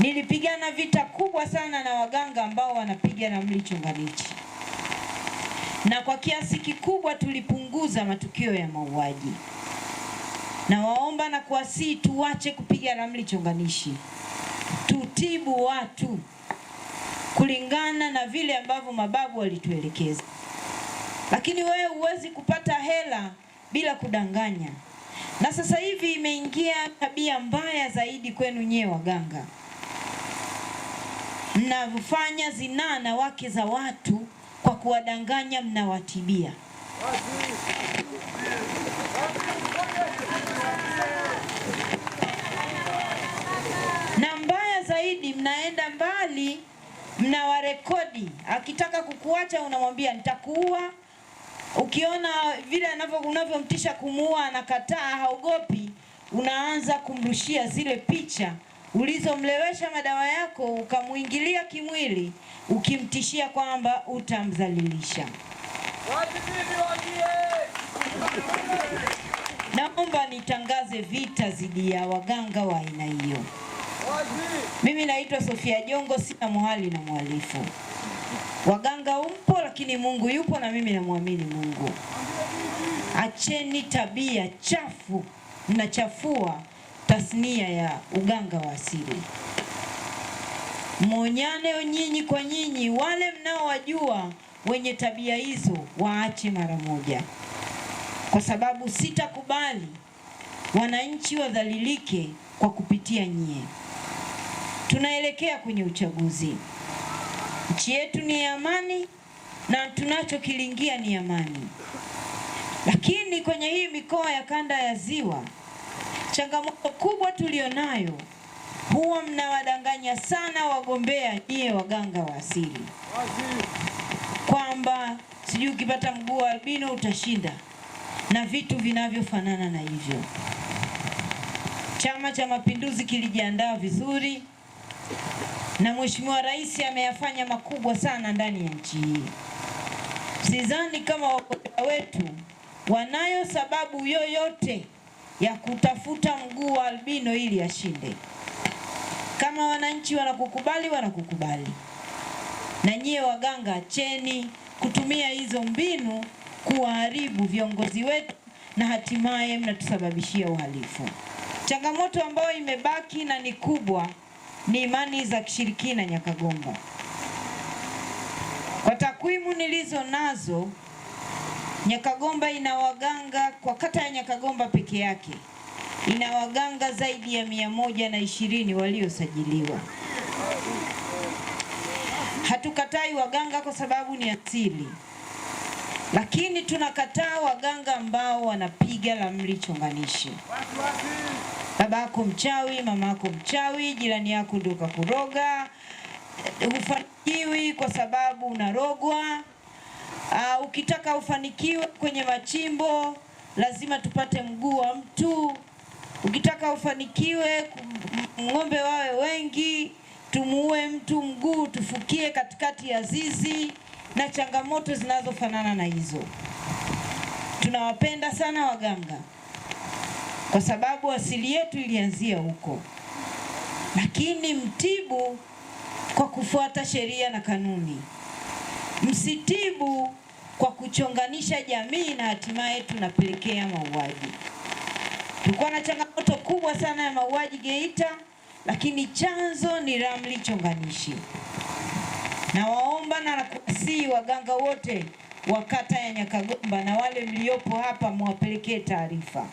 Nilipigana vita kubwa sana na waganga ambao wanapiga ramli chonganishi, na kwa kiasi kikubwa tulipunguza matukio ya mauaji. Nawaomba na kuwasihi tuache kupiga ramli chonganishi, tutibu watu kulingana na vile ambavyo mababu walituelekeza. Lakini wewe huwezi kupata hela bila kudanganya, na sasa hivi imeingia tabia mbaya zaidi kwenu nyewe waganga mnafanya zinaa na wake za watu kwa kuwadanganya, mnawatibia. Na mbaya zaidi, mnaenda mbali, mnawarekodi. Akitaka kukuacha unamwambia nitakuua. Ukiona vile unavyomtisha kumuua, anakataa, haogopi, unaanza kumrushia zile picha ulizomlewesha madawa yako, ukamwingilia kimwili, ukimtishia kwamba utamdhalilisha. Naomba nitangaze vita dhidi ya waganga wa aina hiyo. Mimi naitwa Sofia Jongo, sina muhali na mhalifu. Waganga umpo, lakini Mungu yupo na mimi namwamini Mungu. Acheni tabia chafu, mnachafua tasnia ya uganga wa asili. Mwonyane nyinyi kwa nyinyi, wale mnaowajua wenye tabia hizo waache mara moja, kwa sababu sitakubali wananchi wadhalilike kwa kupitia nyie. Tunaelekea kwenye uchaguzi. Nchi yetu ni amani na tunachokilingia ni amani, lakini kwenye hii mikoa ya kanda ya Ziwa Changamoto kubwa tulionayo, huwa mnawadanganya sana wagombea nyie waganga wa asili kwamba sijui ukipata mguu wa albino utashinda na vitu vinavyofanana na hivyo. Chama cha Mapinduzi kilijiandaa vizuri na Mheshimiwa Rais ameyafanya makubwa sana ndani ya nchi hii. Sidhani kama wagombea wetu wanayo sababu yoyote ya kutafuta mguu wa albino ili ashinde. Kama wananchi wanakukubali, wanakukubali na nyie waganga, acheni kutumia hizo mbinu kuwaharibu viongozi wetu na hatimaye mnatusababishia uhalifu. Changamoto ambayo imebaki na ni kubwa ni imani za kishirikina Nyakagomba. Kwa takwimu nilizo nazo Nyakagomba ina waganga kwa kata ya Nyakagomba peke yake ina waganga zaidi ya mia moja na ishirini waliosajiliwa. Hatukatai waganga kwa sababu ni asili, lakini tunakataa waganga ambao wanapiga ramli chonganishi. Babako mchawi, mamako mchawi, jirani yako ndio kakuroga. Hufanikiwi kwa sababu unarogwa. Uh, ukitaka ufanikiwe kwenye machimbo lazima tupate mguu wa mtu. Ukitaka ufanikiwe ng'ombe wawe wengi, tumuue mtu mguu, tufukie katikati ya zizi na changamoto zinazofanana na hizo. Tunawapenda sana waganga kwa sababu asili yetu ilianzia huko, lakini mtibu kwa kufuata sheria na kanuni msitibu kwa kuchonganisha jamii na hatimaye tunapelekea mauaji. Tulikuwa na changamoto kubwa sana ya mauaji Geita, lakini chanzo ni ramli chonganishi. Nawaomba na, na waganga wote wa kata ya Nyakagomba na wale mliopo hapa mwapelekee taarifa.